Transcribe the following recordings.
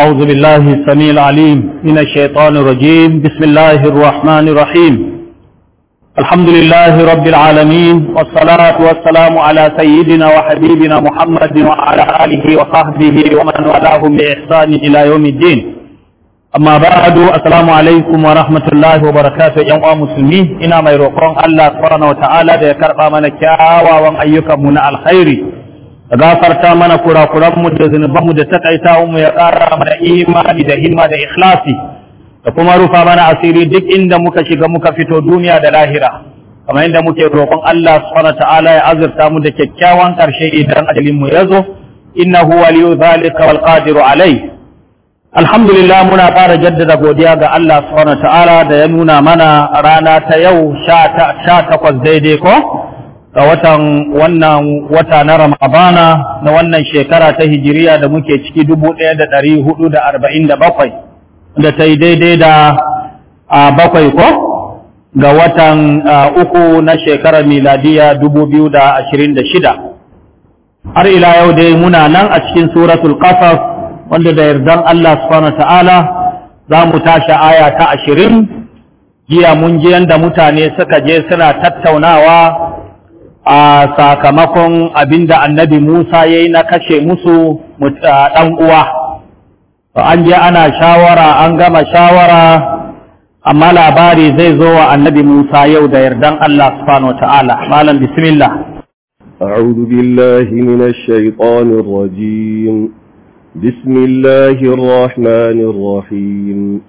أعوذ بالله السميع العليم من الشيطان الرجيم بسم الله الرحمن الرحيم الحمد لله رب العالمين والصلاة والسلام على سيدنا وحبيبنا محمد وعلى آله وصحبه ومن والاهم بإحسان إلى يوم الدين أما بعد السلام عليكم ورحمة الله وبركاته يا مسلمين إنا ما يروقون الله سبحانه وتعالى ذكر من كاوا وأن أيكم من الخير gafarta mana kurakuranmu da zunubanmu da takaitawanmu ya ƙara mana imani da himma da ikhlasi da kuma rufa mana asiri duk inda muka shiga muka fito duniya da lahira kamar inda muke roƙon Allah subhanahu ta'ala ya azurta mu da kyakkyawan ƙarshe idan ajalin mu ya yazo innahu waliyu zalika wal qadiru alai alhamdulillah muna fara jaddada godiya ga Allah subhanahu ta'ala da ya nuna mana rana ta yau takwas daidai ko ga watan wannan wata na Ramadana na wannan shekara ta hijiriya da muke ciki dubu ɗaya da ɗari hudu da arba'in da bakwai da ta yi daidai da a bakwai ko ga watan uku na shekarar miladiya dubu biyu da ashirin da shida har ila yau dai muna nan a cikin suratul qasas wanda da yardan Allah subhanahu ta'ala za mu tashi aya ta ashirin jiya mun ji yanda mutane suka je suna tattaunawa a sakamakon abinda annabi Musa ya yi na kashe musu ɗan uwa. To an je ana shawara an gama shawara amma labari zai zo wa annabi Musa yau da yardan Allah subhanahu wa ta'ala. Malam bismillah. أعوذ بالله من الشيطان الرجيم بسم الله الرحمن الرحيم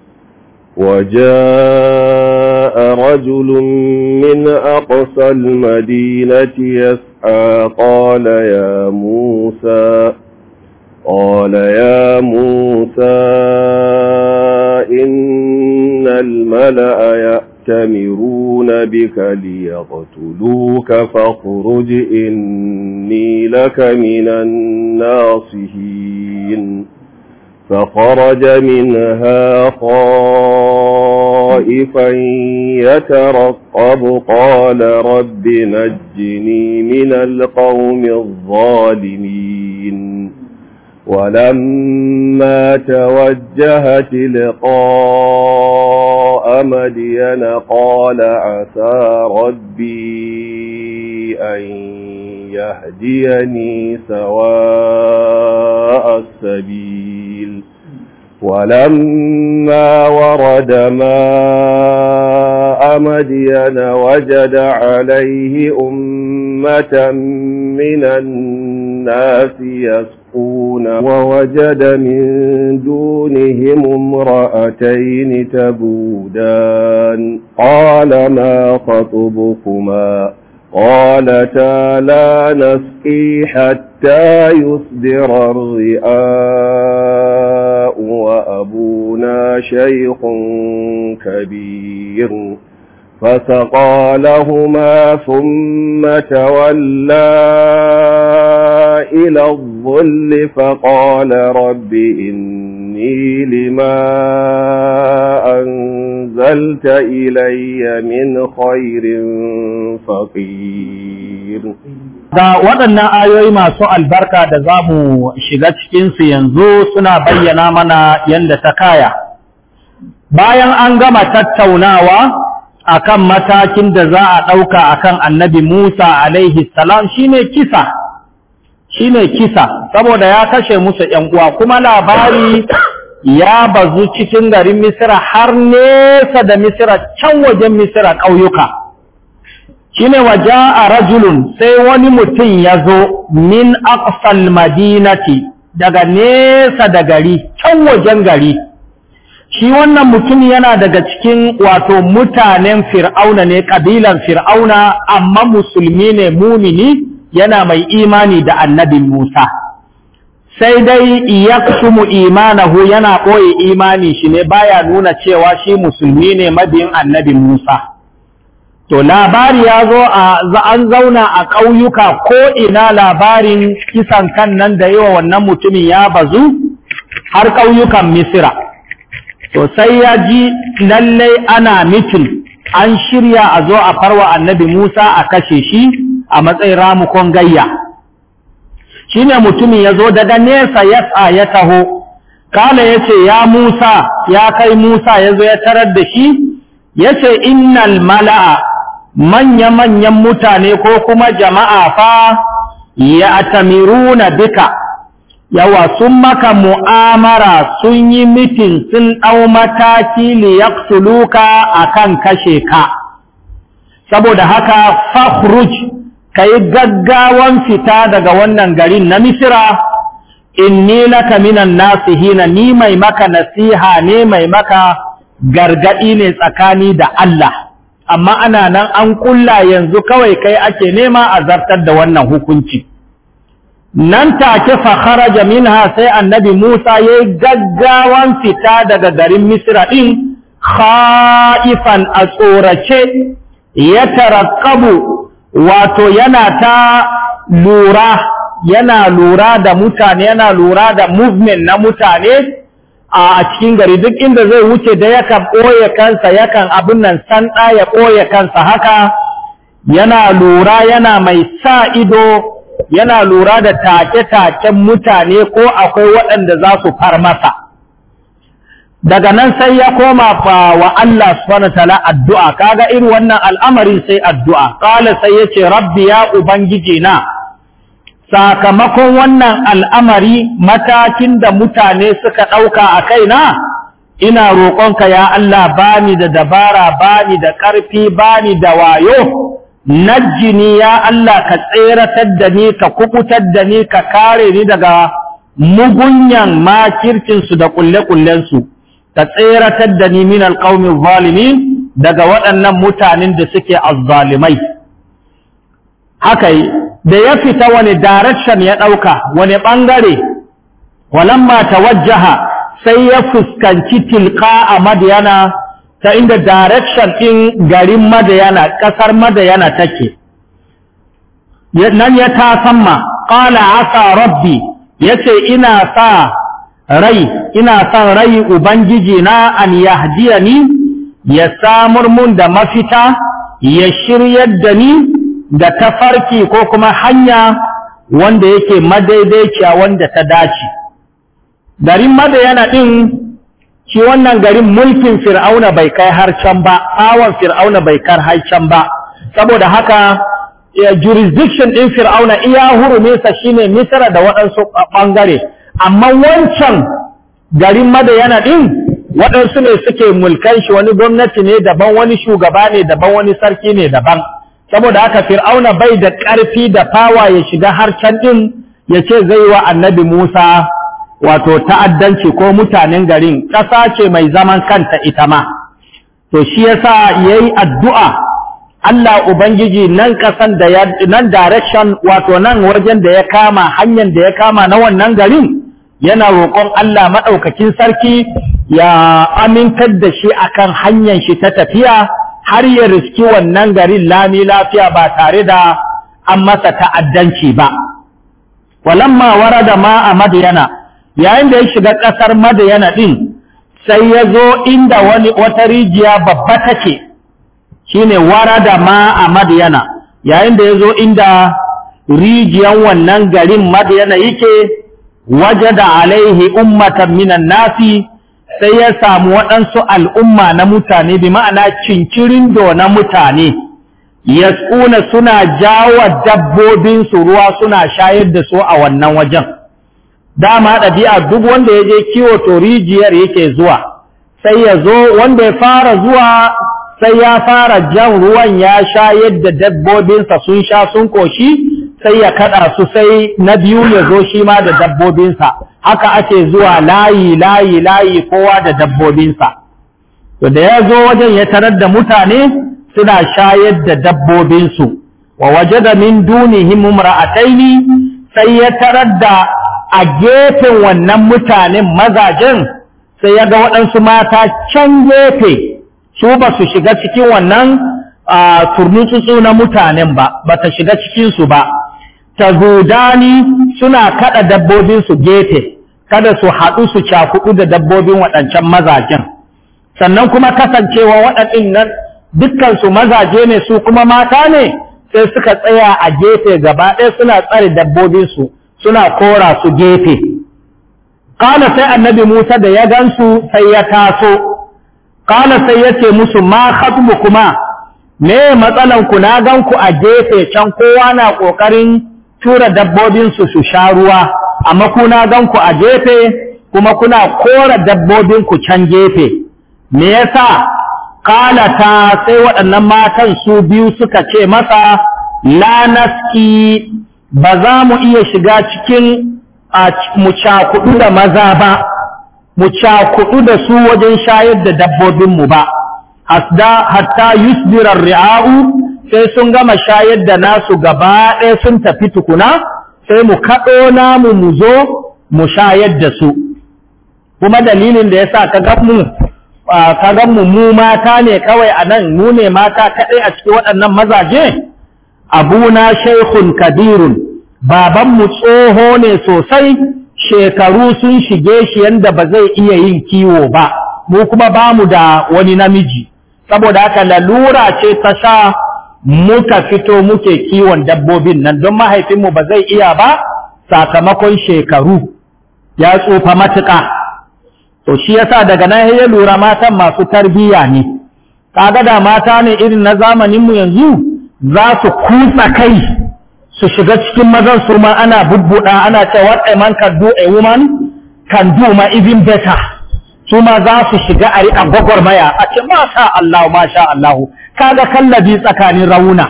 وجاء جاء رجل من أقصى المدينة يسعى قال يا موسى قال يا موسى إن الملأ يأتمرون بك ليقتلوك فاخرج إني لك من الناصحين فخرج منها خاص خائفا يترقب قال رب نجني من القوم الظالمين ولما توجه تلقاء مدين قال عسى ربي أن يهديني سواء السبيل ولما ورد ماء مدين وجد عليه أمة من الناس يسقون ووجد من دونهم امرأتين تبودان قال ما خطبكما قالتا لا نسقي حتى يصدر الرئاء وأبونا شيخ كبير فسقى لهما ثم تولى إلى الظل فقال رب إني لما أنزلت إلي من خير فقير ga waɗannan ayoyi masu albarka da za mu shiga cikinsu yanzu suna bayyana mana yadda ta kaya bayan an gama tattaunawa akan matakin da za a ɗauka akan annabi musa alaihi salam shine kisa shine kisa saboda ya kashe musu uwa kuma labari ya bazu cikin garin misira har nesa da misira can wajen misira ƙauyuka shine wajen a rajulun sai wani mutum ya zo min aqsal madinati daga nesa da gari can wajen gari shi wannan mutum yana daga cikin wato mutanen fir'auna ne kabilan fir'auna amma musulmi ne mumini yana mai imani da annabi Musa sai dai yaksumu imanahu yana ɓoye imani shi ne baya nuna cewa shi musulmi ne mabiyin annabi Musa to labari ya zo a an zauna a ƙauyuka ko ina labarin kisan kan nan da yawa wannan mutumin ya bazu har ƙauyukan misira to sai ya ji lallai ana mitin an shirya a zo a farwa annabi musa a kashe shi a matsayin ramukon gayya shi ne mutumin ya zo daga nesa ya tsa ya taho kala ya ce ya musa ya kai musa ya zo ya tarar da shi ya ce innal mala'a manya-manyan mutane ko kuma jama'a fa ya atamiruna duka yawa sun maka mu'amara sun yi mitin sun ɗau mataki suluka a kan kashe ka saboda haka fahruj ka yi gaggawan fita daga wannan garin na misira inni laka minan nasihina ni mai maka nasiha ne mai maka gargaɗi ne tsakani da Allah amma ana nan an kulla yanzu kawai kai ake nema a zartar da wannan hukunci nan take fa kharaja minha sai annabi Musa yayi gaggawan fita daga garin Misra din khaifan a tsorace ya tarakkabu wato yana ta lura yana lura da mutane yana lura da movement na mutane a cikin gari duk inda zai wuce da yakan ɓoye kansa yakan abin nan san ya ɓoye kansa haka yana lura yana mai sa ido yana lura da take-taken mutane ko akwai waɗanda za su far masa daga nan sai ya koma fa wa Allah subhanahu ta'ala addu'a kaga irin wannan al'amarin sai addu'a qala sai yace rabbi ya ubangiji na sakamakon wannan al'amari matakin da mutane suka ɗauka a kaina ina roƙonka ya Allah bani da dabara bani da ƙarfi bani da wayo najini ya Allah ka tseratar da ni ka kukutar da ni ka kare ni daga mugunyan makircinsu da ƙulle-ƙullensu ka tseratar da ni min alƙaumin zalimi daga waɗannan mutanen da suke azzalimai haka yi da ya fita wani direction ya ɗauka wani ɓangare walamma tawajjaha sai ya fuskanci tilka a madiyana ta inda direction ɗin garin madiyana ƙasar madiyana take nan ya ta-samma, sama ƙala asa rabbi ya ce ina sa rai ina sa rai ubangiji na an ya samar mun da mafita ya shiryar da ni da tafarki ko kuma hanya wanda yake madaidaiciya wanda ta dace garin madayana din shi wannan garin mulkin fir'auna bai kai har can ba awon fir'auna bai kar har can ba saboda haka jurisdiction ɗin fir'auna iya huruminsa shine misra da waɗansu ɓangare amma wancan garin madayana din waɗansu ne suke mulkan shi wani gwamnati ne daban wani shugaba ne daban wani sarki ne daban saboda haka fir'auna bai da ƙarfi da fawa ya shiga har can ɗin ya ce zai wa annabi musa wato ta'addanci ko mutanen garin ƙasa ce mai zaman kanta ita ma to shi yasa yayi addu'a Allah Ubangiji nan ƙasan da ya nan direction wato nan wajen da ya kama hanyar da ya kama na wannan garin yana roƙon Allah maɗaukakin sarki ya amintar da shi akan hanyar shi ta tafiya har ya riski wannan garin lami lafiya ba tare da an masa ta'addanci ba walamma da ma a madiyana yayin da ya shiga ƙasar madiyana ɗin sai ya zo inda wani wata rijiya babba take wara da ma a madiyana yayin da ya zo inda rijiyan wannan garin madiyana yake waje da alaihi ummatan minan nasi sai ya samu waɗansu al'umma na mutane bi ma'ana cincirin do na mutane ya tsuna suna jawa dabbobinsu ruwa suna shayar da su a wannan wajen dama ɗabi'a duk wanda ya je kiwo to rijiyar yake zuwa sai ya zo wanda ya fara zuwa sai ya fara jan ruwan ya shayar da dabbobinsa sun sha sun koshi sai ya kaɗa su sai na biyu ya zo shi ma da dabbobinsa haka ake zuwa layi layi layi kowa da dabbobinsa to da ya zo wajen ya tarar da mutane suna shayar da dabbobinsu wa waje da min dunihim imra'ataini sai ya tarar da a gefen wannan mutanen mazajen sai ya ga waɗansu mata can gefe su ba su shiga cikin wannan turmutsutsu na mutanen ba ba ta shiga cikinsu ba tazudani suna kada dabbobin su gefe kada su haɗu su cakuɗu da dabbobin waɗancan mazajen sannan kuma kasancewa waɗannan nan dukkan su mazaje ne su kuma mata ne sai suka tsaya a gefe gaba ɗaya suna tsare dabbobin su suna kora su gefe kana sai annabi Musa da ya gansu sai ya taso kana sai ya ce musu ma khatbu kuma me matsalan ku na ganku a gefe can kowa na kokarin tura dabbobinsu su sha ruwa amma kuna ganku a gefe kuma kuna kora dabbobinku can gefe me yasa qalata sai waɗannan matan su biyu suka ce masa la naski ba za mu iya shiga cikin a mu cakudu da maza ba mu cakudu da su wajen shayar da dabbobinmu ba hasda hatta yusbirar ri'a'u sai sun gama shayar da nasu gaba ɗaya sun tafi tukuna sai mu kaɗo namu mu zo mu shayar da su kuma dalilin da ya sa ka gan mu mu mata ne kawai a nan mu ne mata kaɗai a cikin waɗannan mazaje abuna shaikhun kabirun babanmu tsoho ne sosai shekaru sun shige shi yadda ba zai iya yin kiwo ba mu kuma ba mu da wani namiji saboda haka lalura ce ta sha muka fito muke kiwon dabbobin nan don mahaifinmu ba zai iya ba sakamakon shekaru ya tsufa matuƙa to shi yasa daga nan ya lura matan masu tarbiyya ne kaga da mata ne irin na zamaninmu yanzu za su kutsa kai su shiga cikin mazan su ma ana bubbuɗa ana ce what man can do a woman can do ma even better su ma za su shiga a riƙa gwagwarmaya a ce masha Allah masha Allah kaga kallabi tsakanin rauna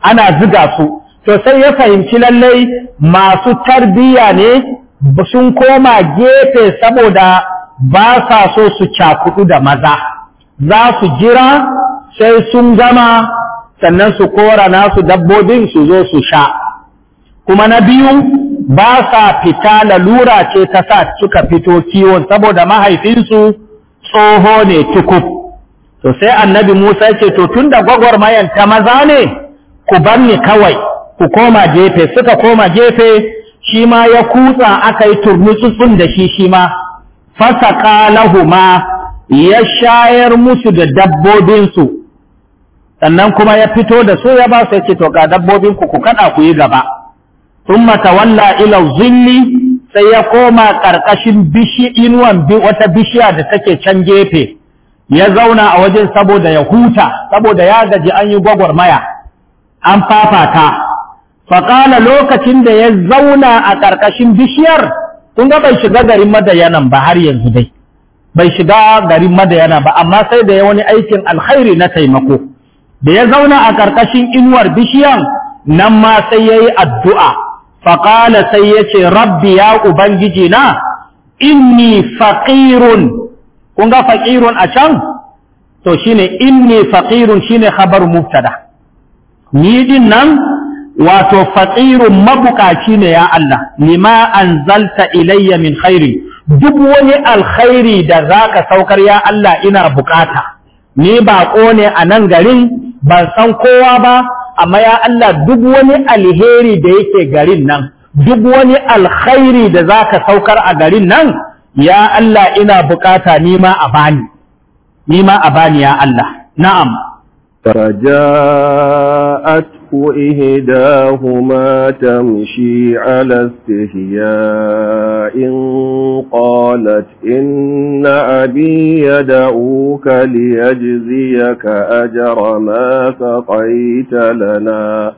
ana ziga su to sai ya fahimci lallai masu tarbiyya ne sun koma gefe saboda ba sa so su cakudu da maza za su jira sai sun gama sannan su kora nasu dabbobin su zo su sha kuma na biyu ba sa fita lalura ce ta sa suka fito kiwon saboda mahaifinsu tsoho ne tukuku to sai annabi Musa ce to tunda mayan ta maza ne ku banni kawai ku koma gefe suka koma gefe shi ma ya kutsa aka yi sun da shi shi ma fasaka lahuma ya shayar musu da dabbobinsu sannan kuma ya fito da su ya ba su ya ce to ga dabbobinku ku kada ku yi gaba thumma tawalla ila zilli sai ya koma ƙarƙashin inuwan wata bishiya da take can gefe ya zauna a wajen saboda ya huta saboda ya gaji an yi gwagwarmaya an fafata faƙala lokacin da ya zauna a ƙarƙashin bishiyar kun ga bai shiga garin madayanan ba har yanzu dai bai shiga garin madayana ba amma sai da ya wani aikin alkhairi na taimako da ya zauna a ƙarƙashin inuwar bishiyan nan ma sai ya yi addu'a faƙala sai ya ce rabbi ya ubangiji na inni faƙirun kun ga faƙirun a can to shine inni faqirun shine khabar mubtada ni din nan wato faƙirun mabuƙaci ne ya Allah lima anzalta ilayya min khairi duk wani alkhairi da zaka saukar ya Allah ina bukata ni ba ne a nan garin ban san kowa ba amma ya Allah duk wani alheri da yake garin nan duk wani alkhairi da zaka saukar a garin nan يا Allah ina bukata nima أباني bani أباني يا bani نعم Allah فرجاءت إهداهما تمشي على استهياء قالت إن أبي يدعوك ليجزيك أجر ما سقيت لنا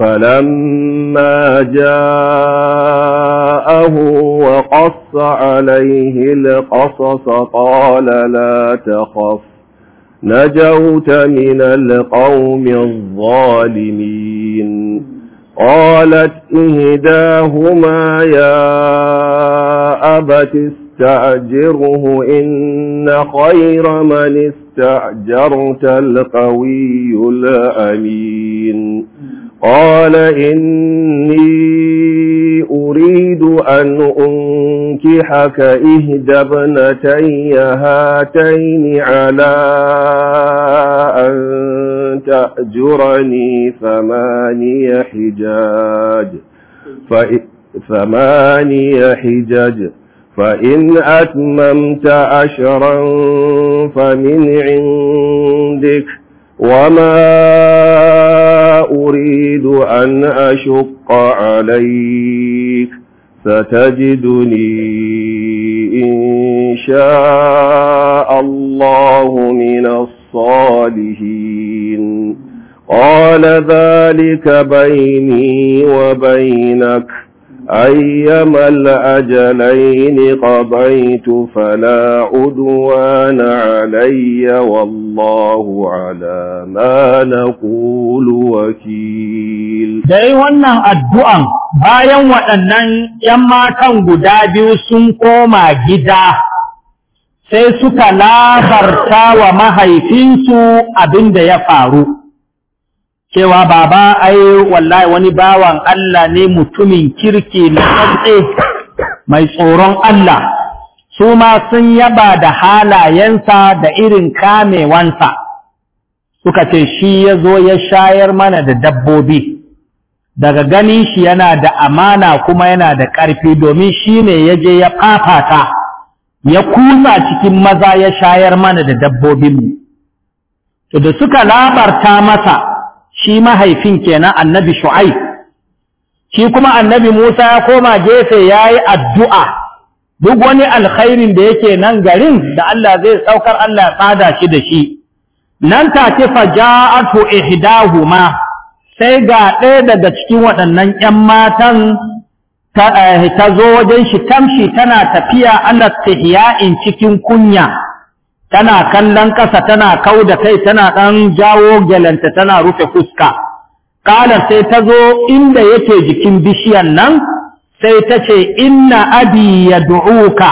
فَلَمَّا جَاءَهُ وَقَصَّ عَلَيْهِ الْقَصَصَ قَالَ لَا تَخَفْ نَجَوْتَ مِنَ الْقَوْمِ الظَّالِمِينَ قَالَتْ إِهْدَاهُمَا يَا أَبَتِ اسْتَأْجِرْهُ إِنَّ خَيْرَ مَنِ اسْتَأْجَرْتَ الْقَوِيُّ الْأَمِينُ قال إني أريد أن أنكحك إهدى ابنتي هاتين على أن تأجرني ثماني حجاج ثماني حجاج فإن أتممت عشرا فمن عندك وما أريد أن أشق عليك ستجدني إن شاء الله من الصالحين قال ذلك بيني وبينك أيما الأجلين قضيت فلا عدوان علي والله الله على ما نقول وكيل dai wannan addu'an bayan waɗannan ‘yan matan guda biyu sun koma gida sai suka labarta wa mahaifinsu abin da ya faru cewa baba ai wallahi wani bawan Allah ne mutumin kirki na tsatse mai tsoron Allah su ma sun yaba da halayensa da irin kamewansa suka ce shi ya zo ya shayar mana da dabbobi daga gani shi yana da amana kuma yana da ƙarfi domin shi ne ya je ya fafata ya kusa cikin maza ya shayar mana da dabbobinmu to da suka labarta masa shi mahaifin kenan annabi shuai shi kuma annabi Musa ya koma gefe ya yi addu'a duk wani alkhairin da yake nan garin da Allah zai saukar Allah ya tsada shi da shi nan take fa ja'atu ihdahuma sai ga ɗaya daga cikin waɗannan ƴan matan ta eh, zo wajen shi tamshi tana tafiya Allah tihya'in cikin kunya tana kallon ƙasa tana kau da kai tana ɗan jawo gyalanta tana rufe fuska ƙalar sai ta zo inda yake jikin bishiyan nan sai ta ce inna abi ya du'uka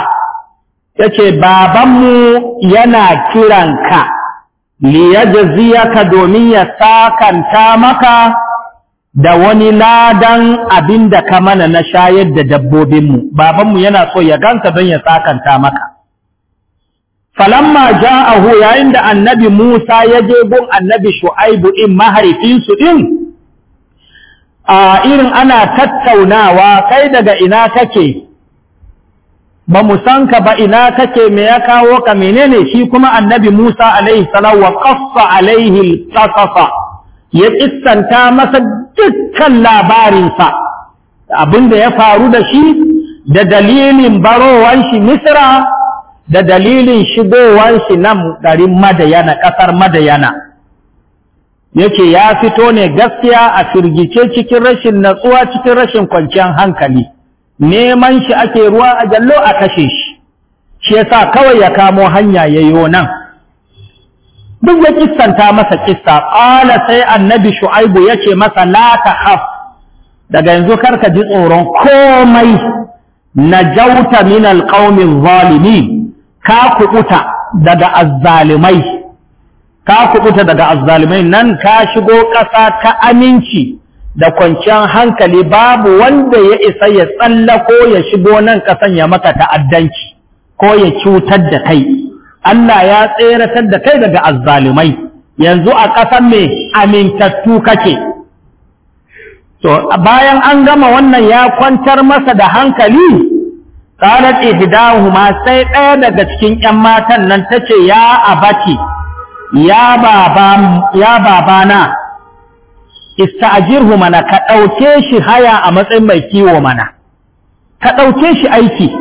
ta ce babanmu yana kiranka liyajziyaka domin ya sakanta maka da wani ladan abin da ka mana na shayar da dabbobinmu babanmu yana so ya ganta don ya sakanta maka falamma ja'ahu yayin da annabi Musa ya je gun annabi Shu'aibu in maharifinsu din a irin ana tattaunawa kai daga ina kake ba mu san ka ba ina kake me ya kawo ka menene shi kuma annabi Musa alaihi salam wa qaffa alaihi al ya kissanta masa dukkan labarinsa abin da ya faru da shi da dalilin barowar shi Misra da dalilin shigowan shi nan garin Madayana kasar Madayana yace ya fito ne gaskiya a firgice cikin rashin natsuwa cikin rashin kwanciyar hankali neman shi ake ruwa a jallo a kashe shi shi yasa kawai ya kamo hanya yayo nan duk ya kissanta masa kissa qala sai annabi shu'aibu yace masa la tahaf daga yanzu karka ji tsoron komai najauta min alqawmi zalimin ka kuɓuta daga azzalimai ka kubuta daga azzalimai nan ka shigo ƙasa ta aminci da kwanciyar hankali babu wanda ya isa ya tsalla ko ya shigo nan ƙasan ya maka ta'addanci ko ya cutar da kai Allah ya tseratar da kai daga azzalumai yanzu a ƙasan mai amintattu kake to bayan an gama wannan ya kwantar masa da hankali qalat ma sai ɗaya daga cikin 'yan matan nan tace ya abati ya babana ista'jirhu mana ka ɗauke shi haya a matsayin mai kiwo mana ka ɗauke shi aiki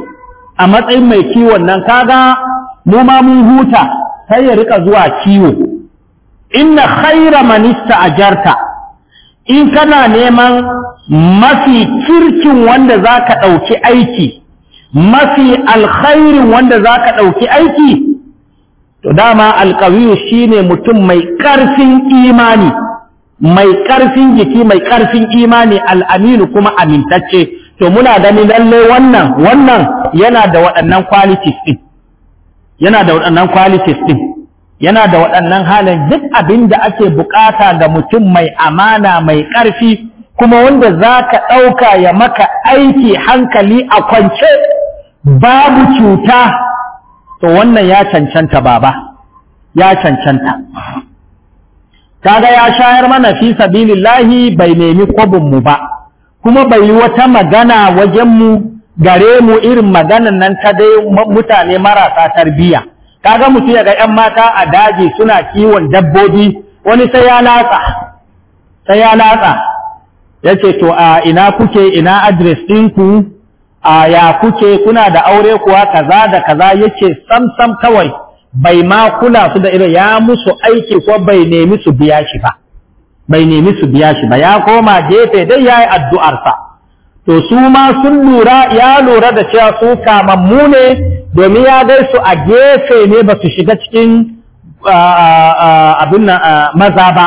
a matsayin mai kiwon nan kaga mu ma mun huta sai ya rika zuwa kiwo inna khaira man ista'jarta in kana neman mafi kirkin wanda za ka ɗauki aiki mafi alkhairin wanda za ka ɗauki aiki to dama alƙawiyu shine mutum mai ƙarfin imani mai ƙarfin jiki mai ƙarfin imani al'aminu kuma amintacce to muna ganin lalle wannan wannan yana da waɗannan qualities din yana da waɗannan qualities din yana da waɗannan halin duk abin da ake bukata ga mutum mai amana mai ƙarfi kuma wanda zaka ka ɗauka ya maka aiki hankali a kwance babu cuta to wannan ya cancanta baba ya cancanta kaga ya shayar mana fi sabilillahi bai nemi kwabin mu ba kuma bai yi wata magana wajen mu gare mu irin maganan nan ta dai mutane marasa tarbiyya kaga mutum ya ga yan mata a daji suna kiwon dabbobi wani sai ya latsa sai ya latsa yace to a ina kuke ina address ɗinku a ya kuke kuna da aure kuwa kaza da kaza yake sam sam kawai bai ma kula su da irin ya musu aiki ko bai nemi su biya shi ba bai nemi su biya shi ba ya koma gefe dai yayi addu'arsa to su ma sun lura ya lura da cewa su kamammu ne domin ya gai su a gefe ne ba su shiga cikin abin maza ba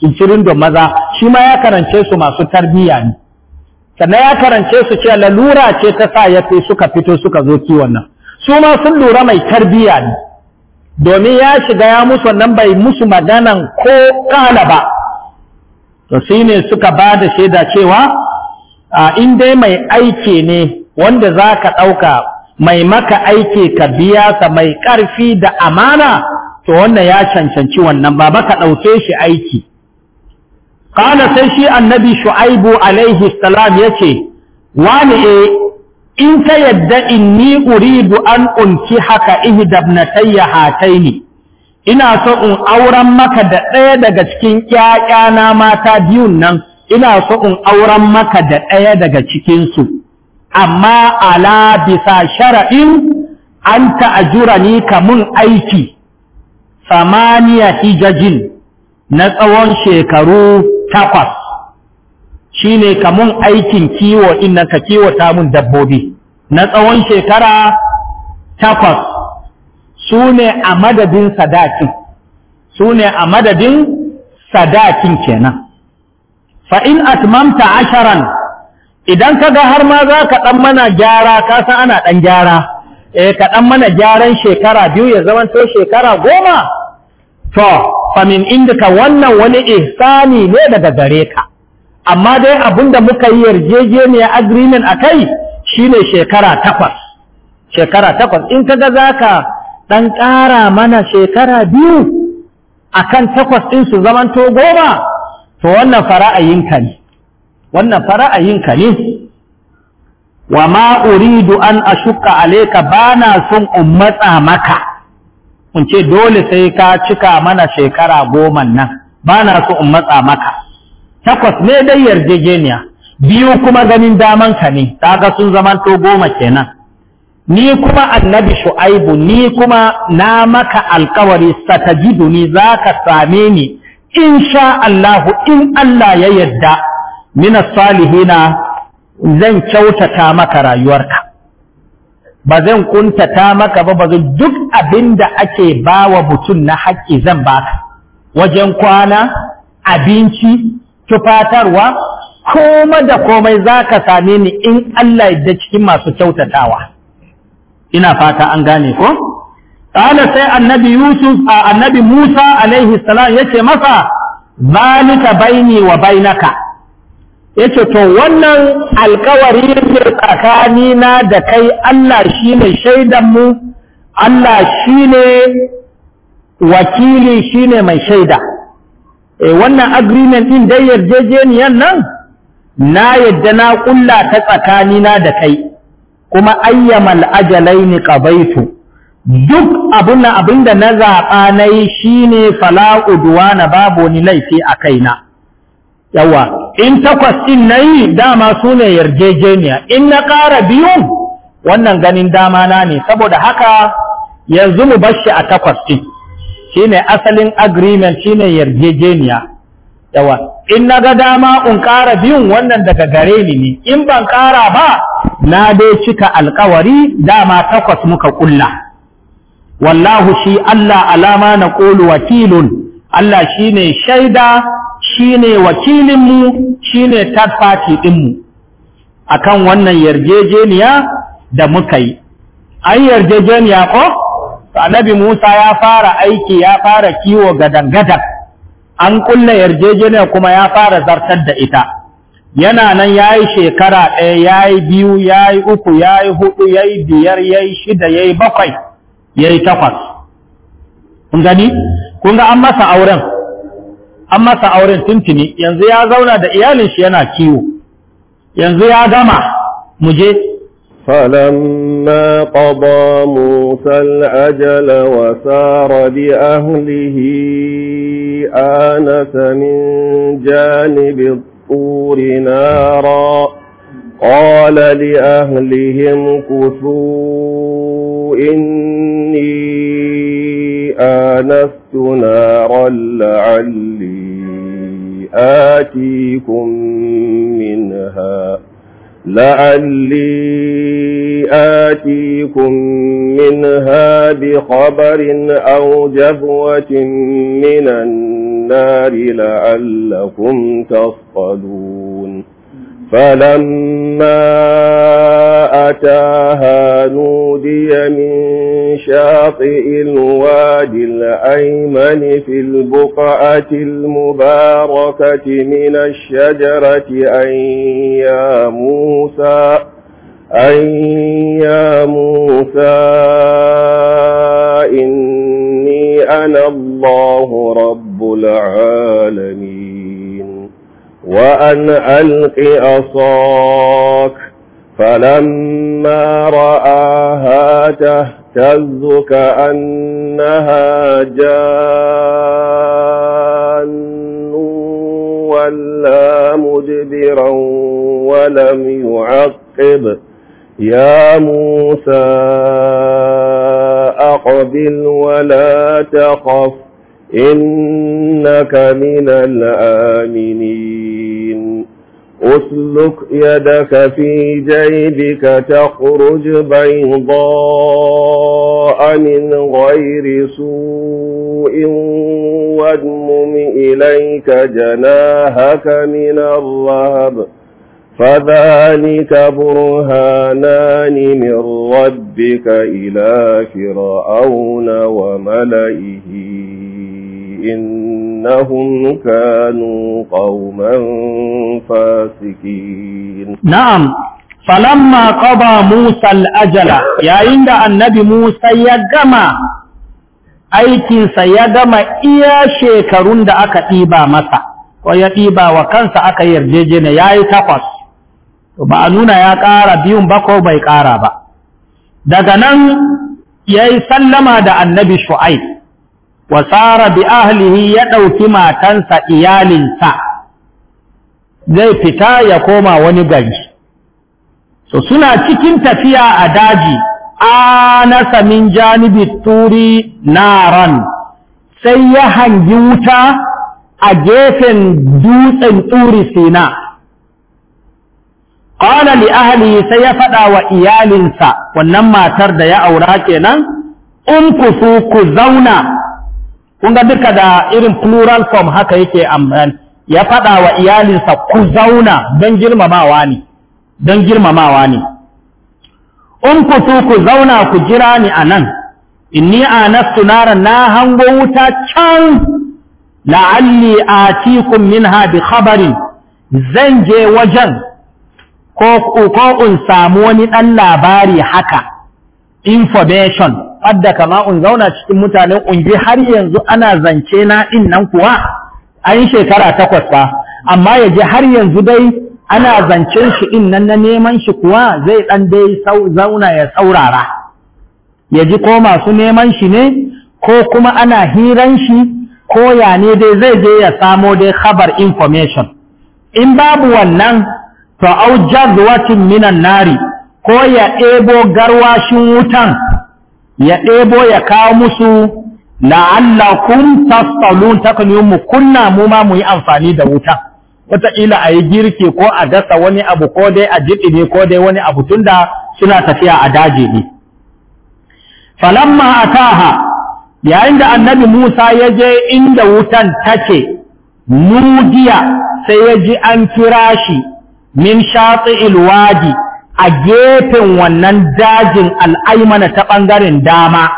cincirin don maza shi ma ya karance su masu tarbiyya ne sannan ya karance su ce lalura ce ta sa ya fi suka fito suka zo kiwon nan su ma sun lura mai tarbiyya ne domin ya shiga ya musu wannan bai musu maganan ko kala ba to shi ne suka ba da shaida cewa a in dai mai aiki ne wanda za ka ɗauka mai maka aiki ka biya sa mai ƙarfi da amana to wannan ya cancanci wannan ba ka ɗauke shi aiki Kala sai shi annabi Shu'aibu alaihi salam ya ce, Wani e, in ka yadda in ni uridu an unki haka hatai ne, ina so in auren maka da ɗaya daga cikin ƴaƴana mata biyun nan ina so in auren maka da ɗaya daga cikinsu amma ala bisa shara'in an ta'ajura ni ka mun aiki samaniya hijajin na tsawon shekaru takwas shi shine kamun aikin kiwo innan ka kiwata mun dabbobi na tsawon shekara takwas su ne a madadin sadakin su ne a madadin sadakin kenan Fa'in in atmamta asharan idan ka ga har ma za ka ɗan mana gyara ka san ana ɗan gyara eh ka ɗan mana gyaran shekara biyu ya zama to shekara goma to famin indika wannan wani ihsani ne daga gare ka amma dai abinda muka yi yarjejeniya agreement a kai shine shekara takwas shekara takwas in kaga zaka dan ƙara mana shekara biyu akan takwas ɗin su zamanto goma to wannan fara'ayinka ne wannan fara'ayinka ne wa ma uridu an ashuka alayka bana son matsa maka in ce dole sai ka cika mana shekara goma nan ba na so in matsa maka takwas ne dai yarjejeniya biyu kuma ganin daman ka ne ga sun zamanto goma kenan ni kuma annabi shu'aibu ni kuma na maka alkawari satajidu ni ka same ni in sha Allah in Allah ya yarda mina salihina zan kyautata maka rayuwarka ba zan kuntata maka ba ba zan duk abin da ake ba wa mutum na haƙƙi zan baka wajen kwana abinci tufatarwa koma da komai za ka same ni in Allah yadda cikin masu kyautatawa ina fata an gane ko ƙala sai annabi yusuf a annabi musa alaihi salam yace masa zalika baini wa bainaka yace to wannan alkawari ne tsakani na da kai Allah shine shaidan mu Allah shine wakili shine mai shaida eh wannan agreement din dai yarjejeniyan nan na yadda na kulla ta tsakani na da kai kuma ayyamal ajalaini qabaitu duk abin abinda na zaɓa nayi shine Fala'u Duwana babu ni laifi a kaina yawa in takwas na yi, dama su ne yarjejeniya in na ƙara biyun wannan ganin dama na ne saboda haka yanzu mu bashi a takwas din shine asalin agreement shine yarjejeniya yawa in na ga dama in ƙara biyun wannan daga gare ni ne in ban ƙara ba na dai cika alkawari dama takwas muka kulla wallahu shi Allah alama na ƙulu wakilun Allah shi ne shaida shine wakilinmu shine third party ɗinmu kan wannan yarjejeniya da muka yi an yarjejeniya ko annabi Musa ya fara aiki ya fara kiwo gadangadan an kulla yarjejeniya kuma ya fara zartar da ita yana nan ya yi shekara ɗaya ya yi biyu ya yi uku ya yi hudu ya yi biyar ya yi shida ya yi bakwai ya yi takwas kun gani kun an masa auren amma sa auren tuntuni yanzu ya zauna da iyalin shi yana kiwo yanzu ya gama mu je فلما قضى موسى الأجل وسار بأهله آنس من جانب الطور نارا قال لأهلهم كثوا إني آنست نارا لعلي آتيكم منها لعلي آتيكم منها بخبر أو جفوة من النار لعلكم تصطدون فلما أتاها نودي من شاطئ الوادي الأيمن في البقعة المباركة من الشجرة أن يا موسى أن يا موسى إني أنا الله رب العالمين وأن ألق أصاك فلما رآها تهتز كأنها جان ولا مدبرا ولم يعقب يا موسى أقبل ولا تخف إنك من الآمنين أسلك يدك في جيبك تخرج بيضاء من غير سوء واجمم إليك جناهك من الرهب فذلك برهانان من ربك إلى فرعون وملئه إنهم كانوا قوما فاسقين نعم فلما قضى موسى الأجل يا عند النبي موسى يجمع aikinsa ya gama iya shekarun da aka ɗiba masa, ko ya ɗiba wa kansa aka yarjejene, ya yi takwas, ba a nuna ya ƙara biyun ba ko bai ƙara ba. Daga nan ya yi sallama da annabi Shu'aib, wa tsara bi ahlihi ya ɗauki matansa iyalinsa zai fita ya koma wani gari so suna cikin tafiya a daji anasa min janibi turi naran sai ya hangi wuta a gefen dutsen turi sina Kwana li sai ya faɗa wa iyalinsa wannan matar da ya aura kenan su ku zauna kun ga duka da irin plural form haka yake amfani ya faɗa wa iyalinsa ku zauna don girmamawa ne don girmamawa ne in ku su ku zauna ku jira ni a nan in ni a na hango wuta can la'alli a atikum min bi khabarin zan je wajen ko ko in samu wani ɗan labari haka information ɓadda kama un zauna cikin mutanen unji har yanzu ana zance na in nan kuwa an shekara takwas fa amma ya ji har yanzu dai ana zancen shi in nan na neman shi kuwa zai ɗan dai zauna ya saurara ya ji ko masu neman shi ne ko kuma ana hiran shi ko ya ne dai zai je ya samo dai khabar information in babu wannan to au minan nari ko ya ɗebo garwashin wutan ya ɗebo ya kawo musu la'allakum tastalun takan mu kunna mu ma mu yi amfani da wuta wataƙila a yi girki ko a dasa wani abu ko dai a jiɗi ne ko dai wani abu da suna tafiya a daji ne falamma ataha yayin da annabi Musa ya je inda wutan take nudiya sai ya ji an kira shi min shatsi'il wadi a gefen wannan dajin al'aimana ta ɓangaren dama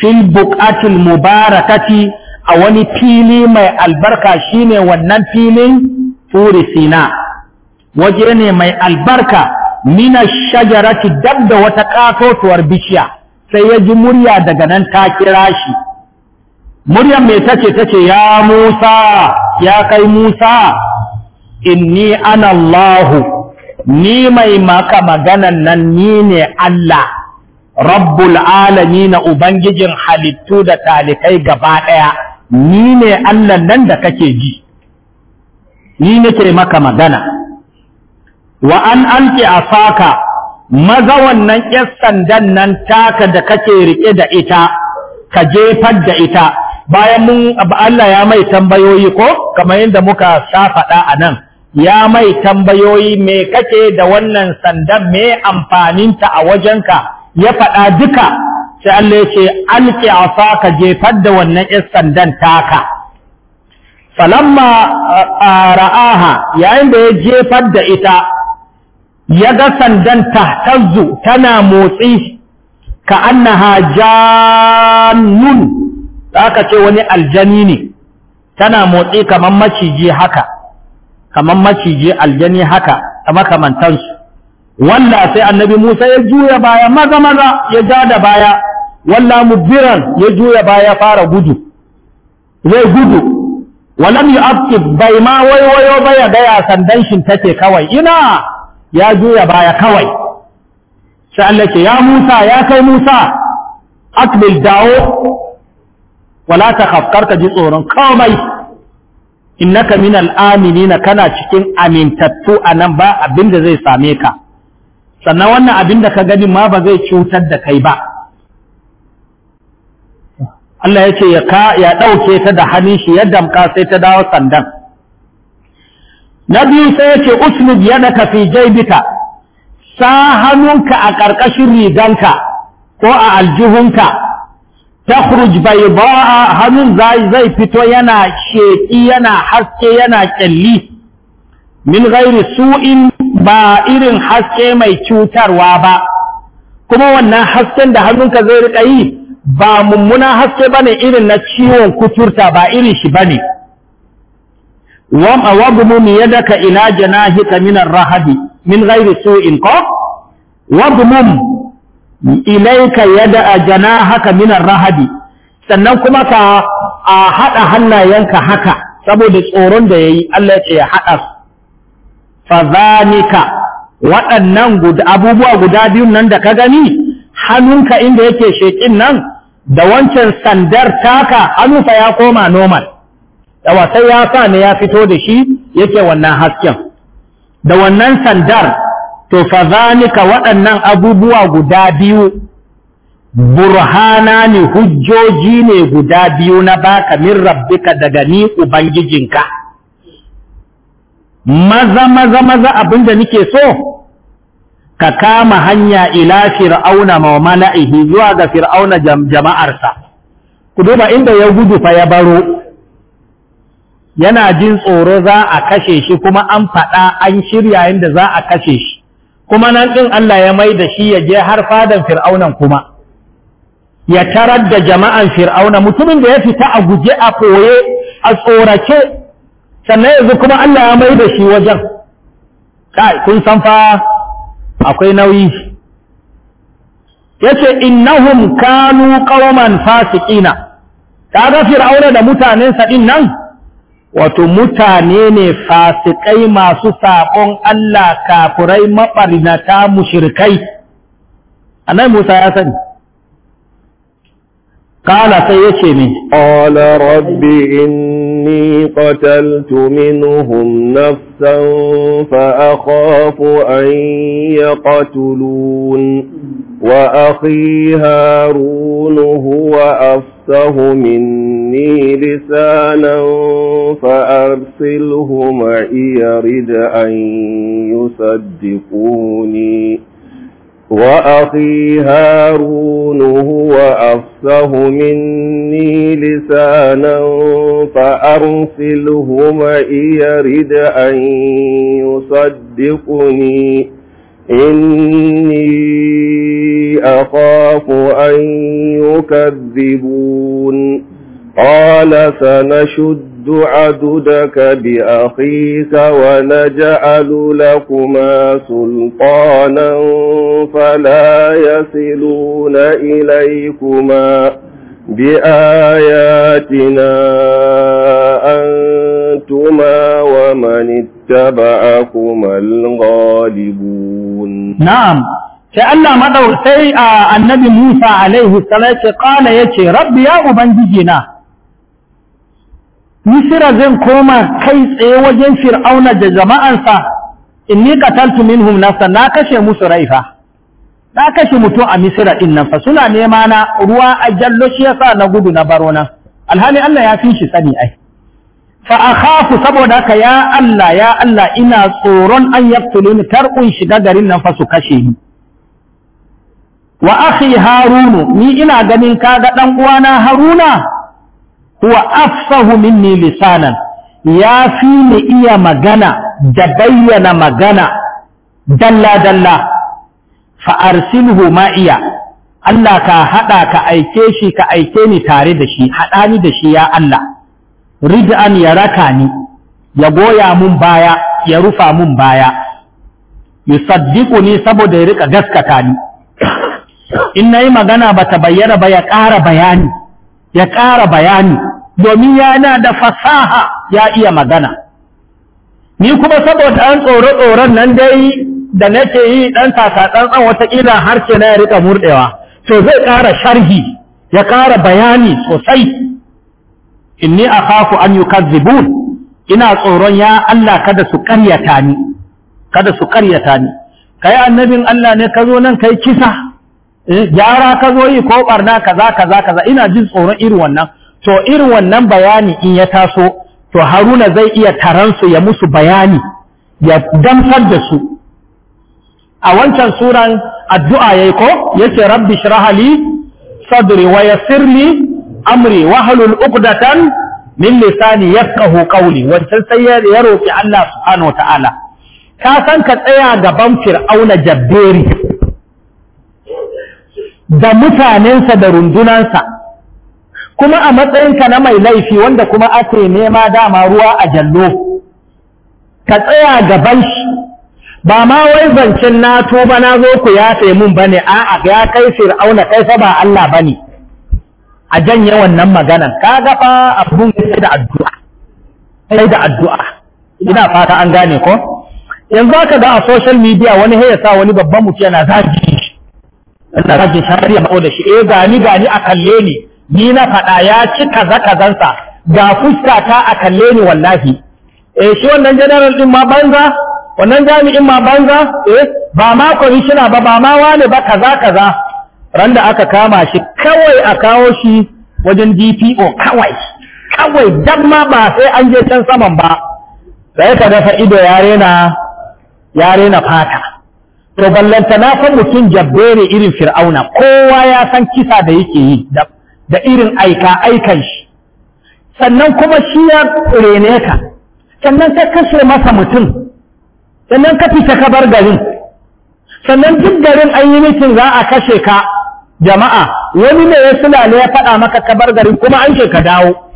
fil buƙatul mubarakati a wani fili mai albarka shine wannan filin turi sina waje ne mai albarka Nina shajarati dab da wata ƙatotuwar bishiya sai ya ji murya daga nan ta kira shi muryar mai tace tace ya musa ya kai musa inni ana allahu ni mai maka maganan nan ni ne Allah rabbul na ubangijin halittu da talikai gaba daya ni ne Allah nan da kake ji ni nake maka magana wa an alki afaka maza wannan ƴan sandan nan taka da kake riƙe da ita ka jefar da ita bayan mun Allah ya mai tambayoyi ko kamar yadda muka sha faɗa a nan ya mai tambayoyi me kake da wannan sandan me amfaninta a wajenka ya faɗa duka sai Allah ya ce alki afa ka jefar da wannan yar sandan taka falamma ra'aha yayin da ya jefar da ita ya ga sandan ta tahtazzu tana motsi ka annaha jannun aka ce wani aljani ne tana motsi kamar maciji haka kamar maciji aljani haka a makamantansu walla sai annabi Musa ya juya baya maza maza ya ja da baya walla mudbiran ya juya baya fara gudu zai gudu walam yu'aqib bai ma waiwayo ba ya ga sandan shin take kawai ina ya juya baya kawai sai Allah ce ya Musa ya kai Musa aqbil dawo wala takhaf karka ji tsoron komai innaka minal aminina kana cikin amintattu anan ba abin da zai same ka sannan wannan abin da ka gani ma ba zai cutar da kai ba Allah ya ce ya ɗauke ta da hannun shi ya damka sai ta dawo sandan na biyu sai ya ce uslub yadaka fi bita sa hannunka a ƙarƙashin riganka ko a aljihunka takhruj bayda'a hannun zai fito yana sheki yana haske yana ƙyalli. min ghairi su'in ba irin haske mai cutarwa ba kuma wannan hasken da hannunka zai rika yi ba mummunan haske bane irin na ciwon kuturta ba irin shi bane wa wabmum yadaka ila janahika min ar-rahabi min ghairi su'in ko wabmum ilaika yada haka minan rahabi sannan kuma ka a hada hannayenka haka saboda tsoron da yayi Allah ya ce ya hada fadhanika waɗannan abubuwa guda biyun nan da ka gani hannunka inda yake shekin nan da wancan sandar taka hannu ya koma normal da sai ya sa ne ya fito da shi yake wannan hasken da wannan sandar to fa waɗannan abubuwa guda biyu burhana ne hujjoji ne guda biyu na baka min rabbika daga ni ubangijinka maza maza maza abinda nike so ka kama hanya ila fir'auna wa zuwa ga fir'auna jama'arsa ku duba inda ya gudu fa ya baro yana jin tsoro za a kashe shi kuma an faɗa an shirya inda za a kashe shi kuma nan ɗin Allah ya mai da shi ya je har fadan fir'aunan kuma ya tarar da jama'an fir'auna mutumin da ya fita a guje a koye a tsorace sannan yanzu kuma Allah ya mai da shi wajen kai kun san fa akwai nauyi yace innahum kanu qauman fasiqina kaga fir'auna da mutanen sa din nan wato mutane ne fasikai masu saƙon Allah kafurai maɓarnata mushirkai annabi Musa ya sani kala sai ya ce min rabbi inni qataltu minhum nafsan fa akhafu an yaqtulun وأخي هارون هو أفسه مني لسانا فأرسله معي يرد أن يصدقوني وأخي هارون هو أفسه مني لسانا فأرسله معي يرد أن يصدقني إني أخاف أن يكذبون قال سنشد عددك بأخيك ونجعل لكما سلطانا فلا يصلون إليكما بآياتنا أنتما ومن اتبعكما الغالبون na'am sai Allah madau sai annabi Musa alaihi salatu qala yace rabbi ya ubangiji na misira zan koma kai tsaye wajen fir'auna da jama'ansa inni qataltu minhum nafsan na kashe musu raifa na kashe mutum a misira din nan fa suna nema na ruwa a jallo shi yasa na gudu na baro na alhali Allah ya fi shi sani ai fa akhafu saboda haka ya Allah ya Allah ina tsoron an yaktuluni kun shiga garin nan fa su kashe ni wa akhi harunu ni ina ganin kaga dan uwana haruna huwa afsahu minni lisanan ya fi ni iya magana da bayyana magana dalla dalla fa arsilhu iya. Allah ka hada ka aike shi ka aike ni tare da shi hada ni da shi ya Allah rid'an ya raka ni ya goya mun baya ya rufa mun baya yusaddiquni ne saboda ya rika gaskata ni in nayi magana bata bayyana ba ya ƙara bayani ya ƙara bayani domin yana da fasaha ya iya magana ni kuma saboda an tsoro tsoron nan dai da nake yi dan tsan wata watakila harshe na ya rika murdewa to zai ƙara sharhi ya ƙara bayani sosai inni a kafu an kazibun. ina tsoron ya Allah kada su karyata ni kada su karyata ni kai annabin Allah ne ka zo nan kai kisa eh, gyara ka zo yi ko barna kaza kaza kaza ina jin tsoron irin wannan to irin wannan bayani in ya taso to Haruna zai iya taransu ya musu bayani ya damfar da su a wancan suran addu'a yayi ko yace rabbi shrahli sadri wa yassirli amri wahlul uqdatan min lisani yafqahu qawli wancan sai ya roki Allah subhanahu ta'ala ka san ka tsaya gaban fir'auna jabberi da mutanensa da rundunansa kuma a matsayinka na mai laifi wanda kuma ake nema dama ruwa a jallo ka tsaya gaban shi ba ma wai zancen nato tuba na zo ku yafe mun bane a'a ya kai fir'auna kai fa ba Allah bane a janye wannan maganan kaga fa abun sai da addu'a sai da addu'a ina fata an gane ko yanzu aka ga a social media wani haya sa wani babban mutum yana zagi yana zagi shari ya bako da shi eh gani gani a kalle ni ni na faɗa ya ci kaza kazansa ga fuska ta a kalle ni wallahi eh shi wannan general din ma banza wannan jami'in ma banza eh ba ma commissioner ba ba ma wane ba kaza kaza randa aka kama shi kawai a kawo shi wajen DPO kawai kawai dan ba sai an je can saman ba sai ka dafa ido ya rena ya rena fata to ballanta na fa mutum jabbere irin fir'auna kowa ya san kisa da yake yi da irin aika aikan shi sannan kuma shi ya rene ka sannan ka kashe masa mutum sannan ka fita ka bar garin sannan duk garin an yi mitin za a kashe ka jama'a wani ne ya ne ya faɗa maka kabar bar gari kuma an ka dawo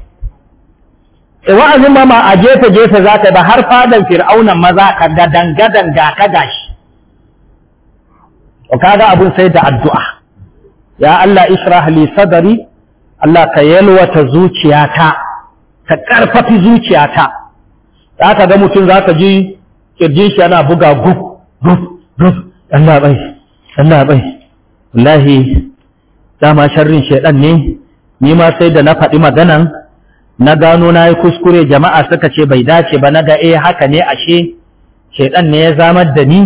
e wa'azin ma a gefe gefe za ka ba har fadan fir'aunan maza ka ga danga danga ka gashi O kaga abun sai da addu'a ya Allah isra li sadari Allah ka yalwata zuciyata ka ƙarfafi zuciyata za ka ga mutum za ka ji kirjin shi ana buga gub gub gub Allah bai Allah bai dama sharrin shaidan ne ni ma sai da na faɗi maganan na gano na yi kuskure jama'a suka ce bai dace ba na ga eh haka ne ashe shaidan ne ya zamar da ni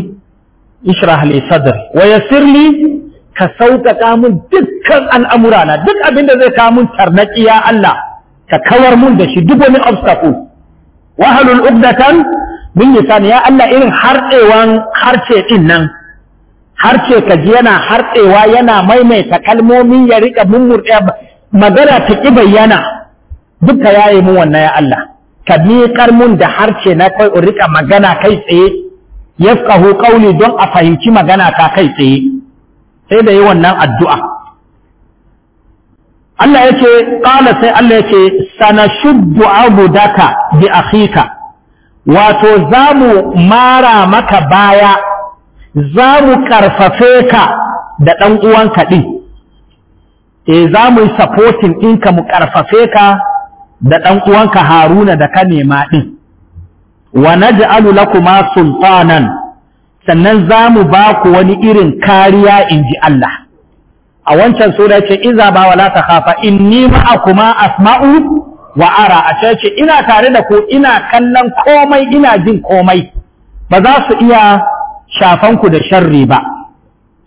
ishrah li sadr wa yassir li ka sauƙaƙa mun dukkan al'amura na duk abin da zai kawo mun ya Allah ka kawar mun da shi duk wani obstacle wahalul ugdatan min lisan ya Allah irin harɗewan harce din nan har ce ka ji yana harɗewa yana maimaita kalmomi ya riƙa mummurɗe magana ta ƙi bayyana duka ya yi mu wannan ya Allah ka miƙar mun da harce na kai in riƙa magana kai tsaye Ya yafqahu ƙauni don a fahimci magana ta kai tsaye sai da yi wannan addu'a Allah ya ce ƙala sai Allah ya ce sanashuddu abudaka bi akhika wato za mu mara maka baya za mu ƙarfafe ka da ɗan uwanka ɗin e za mu yi supporting ɗinka mu ƙarfafe ka da ɗan uwanka haruna da ka nema ɗin wa naj'alu lakuma sultanan sannan za mu ba ku wani irin kariya in ji Allah a wancan sura ce iza ba wala ta khafa inni ma'akuma asma'u wa ara a ce ce ina tare da ku ina kallon komai ina jin komai ba za su iya shafanku da sharri ba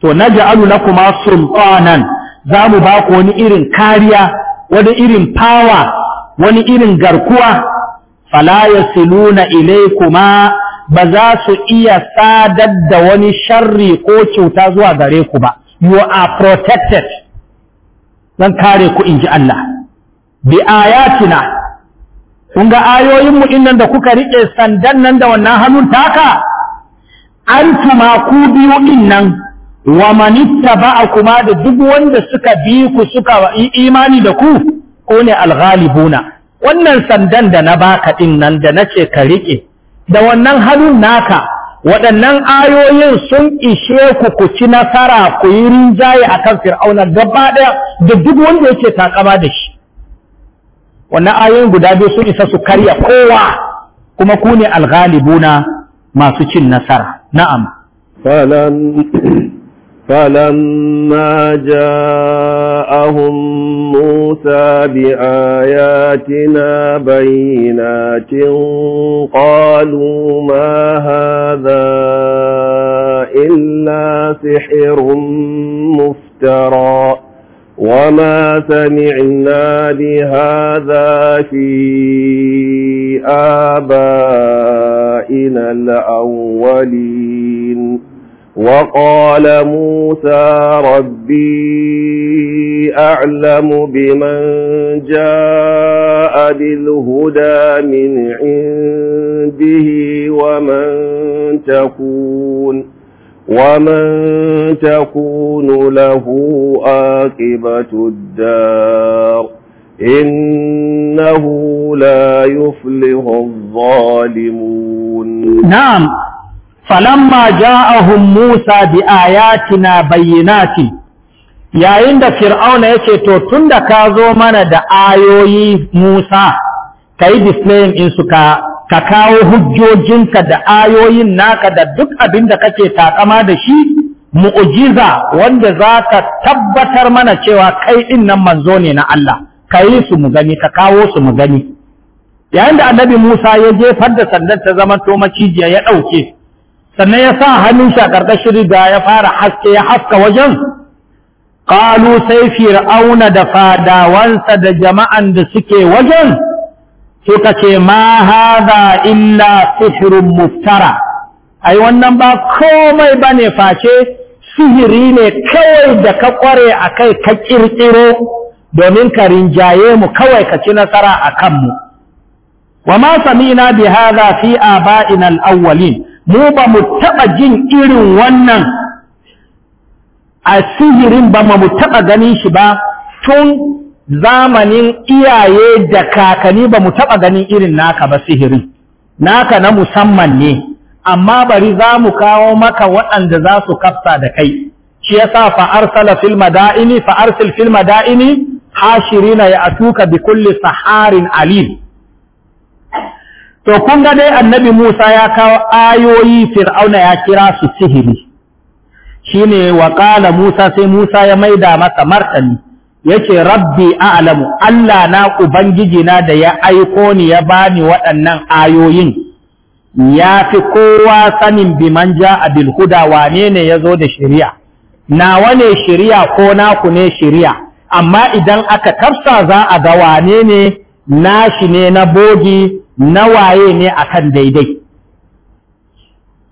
to na na kuma sultanan za mu ba ku wani irin kariya wani irin fawa wani irin garkuwa fala ilai kuma ba za su iya sadar da wani sharri ko cuta zuwa gare ku ba you are protected zan kare ku in ji Allah bi ayatina kun ga ayoyinmu innan da kuka riƙe sandan nan da wannan hannun taka antuma ku biyu din nan wa manitta ba'a kuma da duk wanda suka bi ku suka imani da ku ko ne alghalibuna wannan sandan da na baka din nan da nace ka rike da wannan hannun naka waɗannan ayoyin sun ishe ku ku ci nasara ku yi rinjaye akan fir'auna gaba ɗaya da duk wanda yake takama da shi wannan ayoyin guda biyu sun isa su karya kowa kuma ku ne alghalibuna masu cin nasara نعم فلم فلما جاءهم موسى بآياتنا بينات قالوا ما هذا إلا سحر مفترى وما سمعنا بهذا فيه آبائنا الأولين وقال موسى ربي أعلم بمن جاء بالهدى من عنده ومن تكون ومن تكون له عاقبة الدار إنه لا يفلح الظالمون نعم فلما جاءهم موسى بآياتنا بينات yayin da fir'auna ya ce to tun da ka zo mana da ayoyi musa ka yi displaying ka kawo hujjojinka da ayoyin naka da duk abin da kake takama da shi mu'ujiza wanda za ka tabbatar mana cewa kai ɗin nan manzo ne na Allah ka yi su mu gani ka kawo su mu gani yayin da annabi Musa ya jefar da sandan ta zama to macijiya ya ɗauke sannan ya sa hannun shi a karkashin riga ya fara haske ya haska wajen qalu sai fir'auna da fadawansa da jama'an da suke wajen to ce ma hadha illa sihrun muftara ai wannan ba komai bane face sihiri ne kawai da ka kware kai ka kirkiro domin ka rinjaye mu kawai ka ci nasara a kanmu Wama samina bi hadha fi aba'ina al mu ba mu taba jin irin wannan a sihirin ba mu taba ganin shi ba tun zamanin iyaye da kakanni ba mu taɓa ganin irin naka ba sihirin naka na musamman ne amma bari za mu kawo maka waɗanda za su kafta da kai shi yasa fa arsala fil madaini fa arsil fil madaini hashirina ya atuka bi kulli saharin alim to kun ga dai annabi Musa ya kawo ayoyi fir'auna ya kira su sihiri shine wa qala Musa sai Musa ya maida masa martani yace rabbi a'lamu Allah na ubangiji na da ya aiko ni ya bani waɗannan ayoyin ya fi kowa sanin biman ja'a bil huda wane ne yazo da shari'a nawa ne shari'a ko naku ne shari'a amma idan aka tafsa za a ga wane ne nashi ne na bogi Na waye ne a kan daidai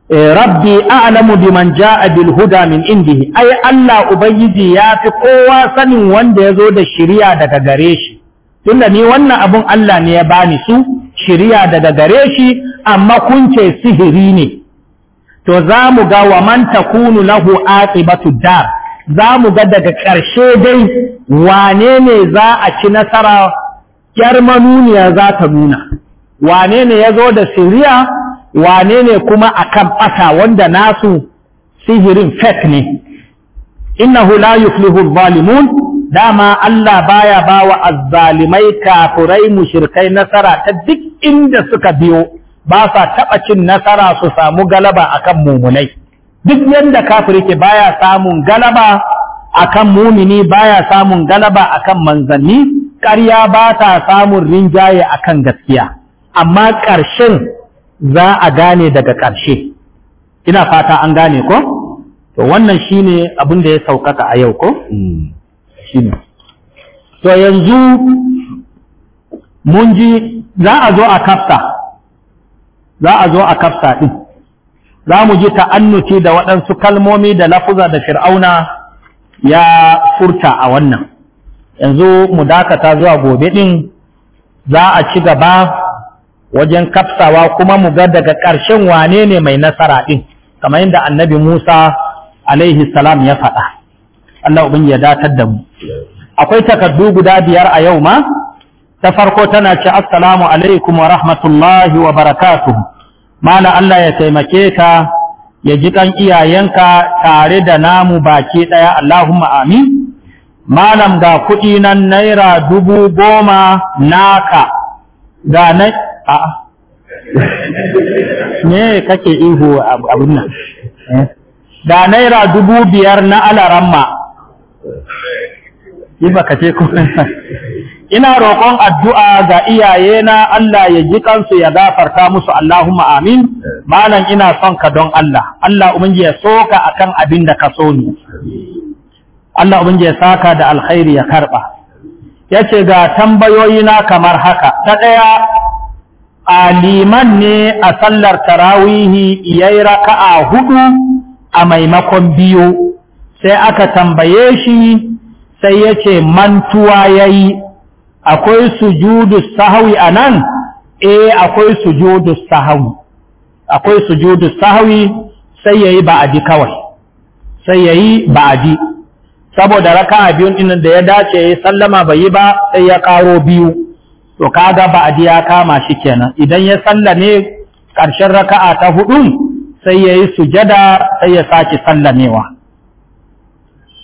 eh, rabbi a'lamu biman ja'a bil huda min indihi ai Allah ubangiji ya fi kowa sanin wanda ya zo da shiriya daga gare shi tunda ni wannan abun Allah ne ya bani su shiriya daga gare shi amma kun ce sihiri ne to za mu ga wa man takunu lahu aqibatu dar za mu ga daga ƙarshe dai wane ne za a ci nasara kyar manuniya za ta nuna wane ne ya zo da siriya wane ne kuma kan ɓata wanda nasu sihirin fek ne innahu la yuflihu zalimun dama Allah baya wa azzalimai kafurai shirkai nasara ta duk inda suka biyo ba sa taɓa cin nasara su samu galaba akan mumunai duk yadda kafiri ke baya samun galaba akan mumini baya samun galaba akan manzanni ƙarya ba ta samun rinjaye akan gaskiya amma ƙarshen za a gane daga ƙarshe ina fata an gane ko to wannan shine abin da ya sauƙaƙa a yau ko hmm. shine to yanzu mun ji za a zo a kafta za a zo a kafta din za mu ji ta'annuci da waɗansu kalmomi da lafuza da fir'auna ya furta a wannan yanzu mu dakata zuwa gobe ɗin za a ci gaba wajen kafsawa kuma mu ga daga ƙarshen wane ne mai nasara ɗin kamar yadda annabi Musa alaihi salam ya faɗa Allah ubin ya datar da mu akwai takardu guda biyar a yau ma ta farko tana ce assalamu alaikum wa rahmatullahi wa barakatuhu mala Allah ya taimake ka ya ji iyayenka tare da namu baki ɗaya Allahumma amin malam ga kuɗi nan naira dubu goma naka ga a'a me kake ihu abin nan eh. da naira dubu biyar na alaramma yi baka ce ina roƙon addu'a ga iyaye na Allah ya ji kansu ya gafarta musu Allahumma amin malam ina son ka don Allah Allah ubangi ya soka akan abin da ka so ni Allah ubangi ya saka da alkhairi ya karba yace ga tambayoyi na kamar haka ta ɗaya Aliman ne a sallar tarawihi ya yi raka'a hudu a maimakon biyu sai aka tambaye shi sai ya ce mantuwa ya yi akwai sujudu sahawi a nan e akwai sujudu sahawi akwai sujudu sahawi sai ya yi ba'adi kawai sai ya yi ba'adi saboda raka'a biyun ɗin da ya dace ya yi sallama bai yi ba sai ya ƙaro biyu to kaga a ya kama shi kenan idan ya sallame ƙarshen raka'a ta hudu sai ya yi sujada sai ya sake sallamewa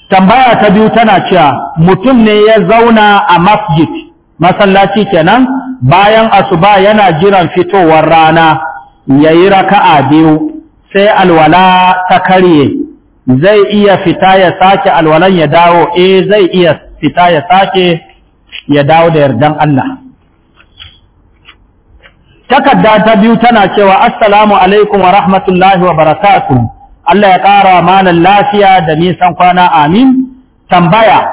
tambaya ta biyu tana cewa mutum ne ya zauna a masjid masallaci kenan bayan asuba yana jiran fitowar rana ya yi raka'a biyu sai alwala ta karye zai iya fita ya sake alwalan ya dawo eh zai iya fita ya sake ya dawo da yardan Allah takarda ta biyu tana cewa assalamu alaikum wa rahmatullahi wa barakatuh Allah ya ƙara manan lafiya da nisan kwana amin tambaya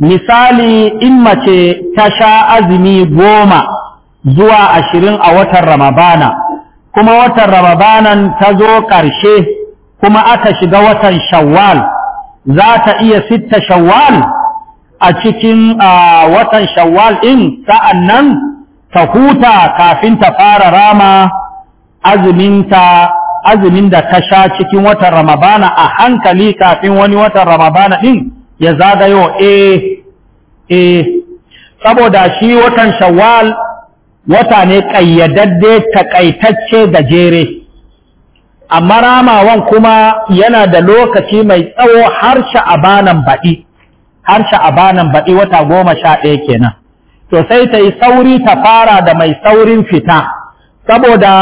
misali in mace ta sha azumi goma zuwa ashirin a watan ramabana kuma watan ramabanan ta zo ƙarshe kuma aka shiga watan shawwal za ta iya sitta shawwal a cikin watan shawwal ɗin sa'an nan ta huta kafin ta fara rama azuminta azumin da ta sha cikin watan ramabana a hankali kafin wani watan ramabana din ya zagayo eh eh saboda shi watan shawwal wata ne ƙayyadadde takaitacce da jere amma ramawan kuma yana da lokaci mai tsawo har sha'abanan baɗi har sha'abanan baɗi wata goma sha ɗaya kenan to sai ta yi sauri ta fara da mai saurin fita saboda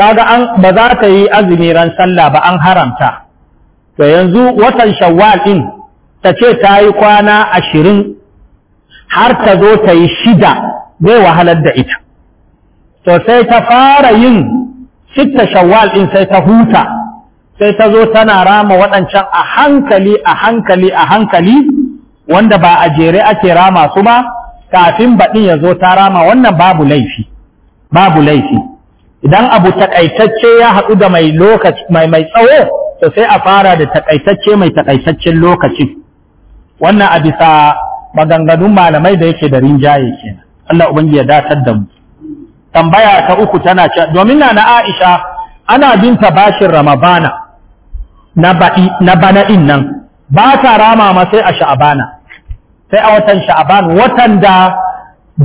kaga an ba za ta yi azumi ran sallah ba an haramta to yanzu watan shawwal din ta ce ta yi kwana ashirin har ta zo ta yi shida zai wahalar da ita to sai ta fara yin sitta shawwal din sai ta huta sai ta zo tana rama waɗancan a hankali a hankali a hankali wanda ba a jere ake rama su ba kafin baɗin ya zo ta rama wannan babu laifi babu laifi idan abu takaitacce ya haɗu da mai lokaci mai mai tsawo to sai a fara da takaitacce mai takaitaccen lokaci wannan a bisa maganganun malamai da yake da rinjaye kenan Allah ubangiji ya datar da mu tambaya ta uku tana ce domin na na Aisha ana binta bashin Ramadana na bana nan ba ta rama ma sai a sha'abana sai a watan sha'aban watan da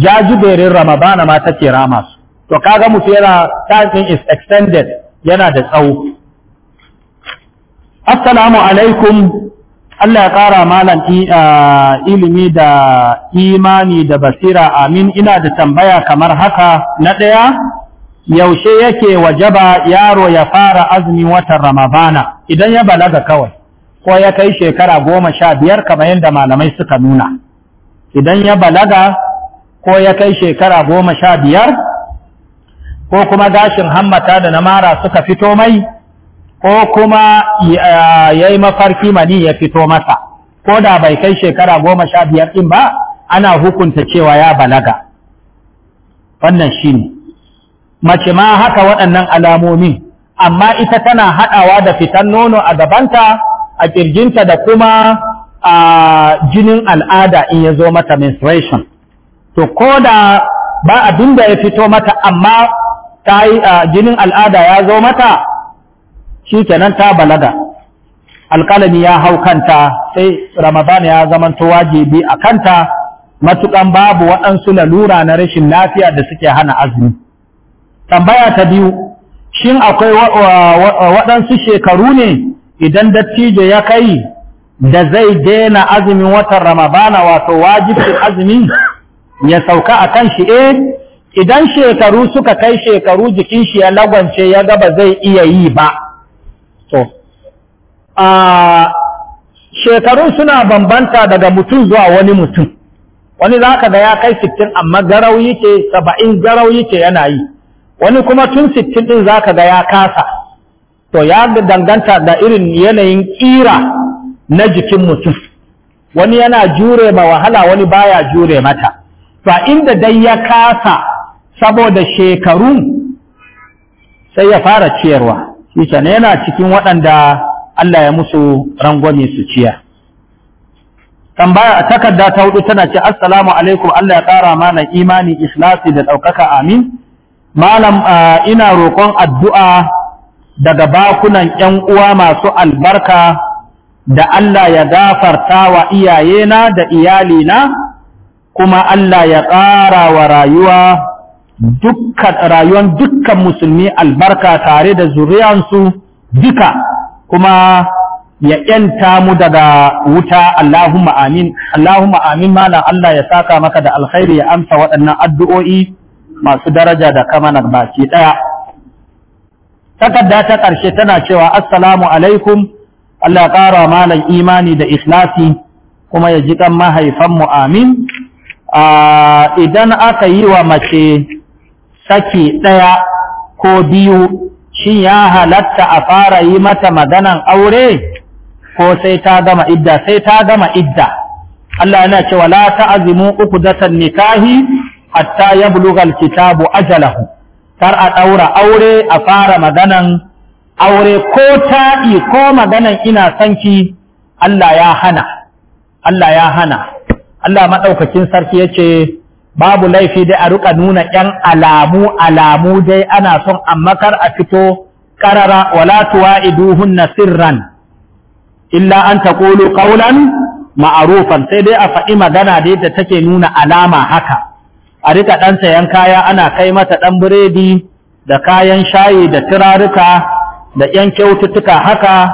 jajiberin ramadana ma take rama su to kaga mutu yana time is extended yana da tsawo assalamu alaikum Allah ya ƙara malam ilimi da imani da basira amin ina da tambaya kamar haka na ɗaya yaushe yake wajaba yaro ya fara azumin watan ramadana idan ya balaga kawai ko ya kai shekara goma sha biyar kamar yadda malamai suka nuna idan ya balaga ko ya kai shekara goma sha biyar ko kuma gashin hammata da na mara suka fito mai ko kuma ya yi mafarki mani ya fito masa ko da bai kai shekara goma sha biyar ɗin ba ana hukunta cewa ya balaga wannan shi ne mace ma haka waɗannan alamomi. amma ita tana haɗawa da fitan nono a gabanta a ƙirjinta da kuma a jinin al'ada in ya zo mata menstruation to ko da ba abin da ya fito mata amma ta yi a jinin al'ada ya zo mata shi kenan ta balaga alkalami ya hau kanta sai ramadan ya zamanto wajibi a kanta matuƙan babu waɗansu lalura na rashin lafiya da suke hana azumi tambaya ta biyu shin akwai waɗansu shekaru ne idan dattijo ya kai da zai daina azumin watan ramadana wato wajibin azumi ya sauka a kan shi eh idan shekaru suka kai shekaru jikin shi ya lagwance ya gaba zai iya yi ba to a shekarun suna bambanta daga mutum zuwa wani mutum wani za ka ga ya kai sittin amma garau yake saba'in garau yake yana yi wani kuma tun sittin ɗin za ka ga ya kasa to ya danganta da irin yanayin kira na jikin mutum wani yana jure ma wahala wani baya jure mata fa inda dai ya kasa saboda shekaru sai ya fara ciyarwa shi yana cikin waɗanda Allah ya musu rangwame su ciya tambaya a takarda ta hudu tana ce assalamu alaikum Allah ya ƙara mana imani islasi da ɗaukaka amin malam ah, ina roƙon addu'a daga bakunan ‘yan uwa masu albarka da Allah ya gafarta wa iyayena da iyalina kuma Allah ya ƙara wa rayuwa dukkan rayuwan dukkan musulmi albarka tare da zuriyansu duka kuma ya ƴanta mu daga wuta Allahumma amin Allahumma amin malam Allah ya saka maka da alkhairi ya amsa waɗannan addu'o'i masu daraja da kamanar baki ɗaya. takarda ta ƙarshe tana cewa assalamu alaikum Allah ƙara malam imani da ikhlasi kuma ya ji kan mahaifanmu amin idan aka yi wa mace saki ɗaya ko biyu shin ya halatta a fara yi mata maganan aure ko sai ta gama idda sai ta gama idda Allah yana cewa la uku uqdatan nikahi hatta ya bulugal kitabu ajalahu kar a ɗaura aure a fara maganan aure ko ta'i ko maganan ina sanki Allah ya hana Allah ya hana Allah maɗaukakin sarki ya ce babu laifi dai a riƙa nuna ƴan alamu alamu dai ana son amma kar a fito ƙarara wala hunna sirran illa an ta ƙolo ƙaunan ma'arufan sai dai a faɗi magana dai da take nuna alama haka a rika ɗan sayan kaya ana kai mata ɗan biredi da kayan shayi da turaruka da ƴan kyaututtuka haka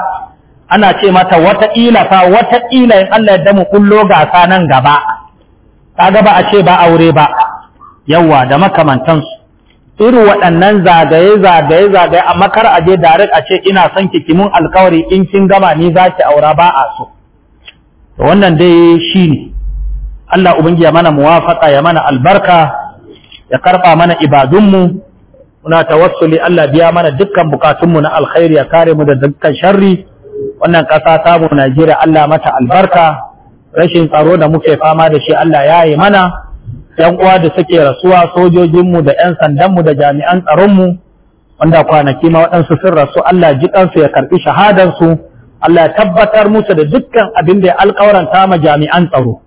ana ce mata wataƙila fa wataƙila in Allah ya damu kullo gasa nan gaba kaga ba a ce ba aure ba yawa da makamantansu irin waɗannan zagaye zagaye zagaye a kar aje direct a ce ina son ki, ki mun alkawari in kin gama ni za ki aura ba a so wannan dai shi ne Allah ubangi ya mana muwafaqa ya mana albarka ya karba mana ibadunmu muna tawassuli Allah biya mana dukkan bukatunmu na alkhairi ya kare mu da dukkan sharri wannan ƙasa ta mu Najeriya Allah mata albarka rashin tsaro da muke fama da shi Allah ya yi mana yan uwa da suke rasuwa sojojinmu da yan sandanmu da jami'an tsaronmu wanda kwanaki ma waɗansu sun rasu Allah ji kansu ya karɓi shahadansu Allah ya tabbatar musu da dukkan abin da ya alƙawaranta ma jami'an tsaro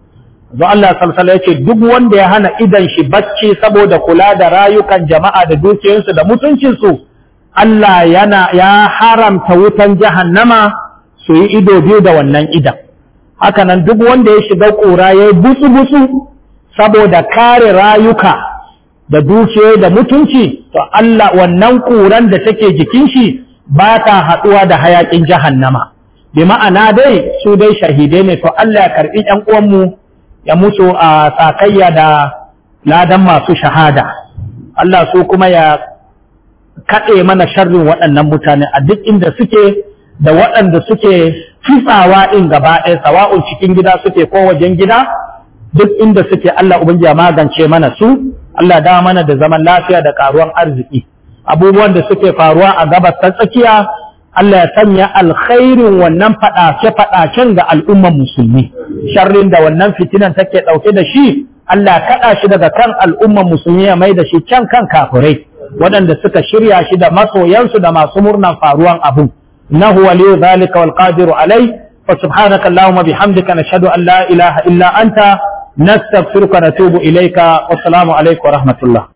zo Allah ya yace duk wanda ya hana idan shi bacci saboda kula da rayukan jama'a da dukiyansu da mutuncinsu Allah yana ya haramta wutan jahannama su yi ido biyu da wannan idan haka duk wanda ya shiga ƙura ya yi busu-busu saboda kare rayuka da dukiyoyi da mutunci to Allah wannan ƙuran da take jikin shi ba ta haɗuwa da hayaƙin jahannama bi ma'ana dai su dai shahidai ne to Allah ya karɓi ƴan uwanmu ya mutu a sakayya da ladan masu shahada Allah su kuma ya kaɗe mana sharrin waɗannan mutane a duk inda suke da waɗanda suke fitsawa in gaba ɗaya sawa'un cikin gida suke ko wajen gida duk inda suke Allah ubangiji ya magance mana su Allah da mana da zaman lafiya da karuwan arziki abubuwan da suke faruwa a gabas ta tsakiya Allah ya sanya alkhairin wannan faɗace-faɗacen ga al'ummar musulmi, sharrin da wannan fitinan take ɗauke da shi, Allah kaɗa shi daga kan al'ummar musulmi ya mai da shi can kan kafirai, waɗanda suka shirya shi da masoyansu da masu murnan faruwan abun. Nahu waliyu zalika wal qadiru alai, wa subhanaka Allahumma bihamdika nashhadu an la ilaha illa anta nastaghfiruka natubu ilaika wa alaikum wa rahmatullah.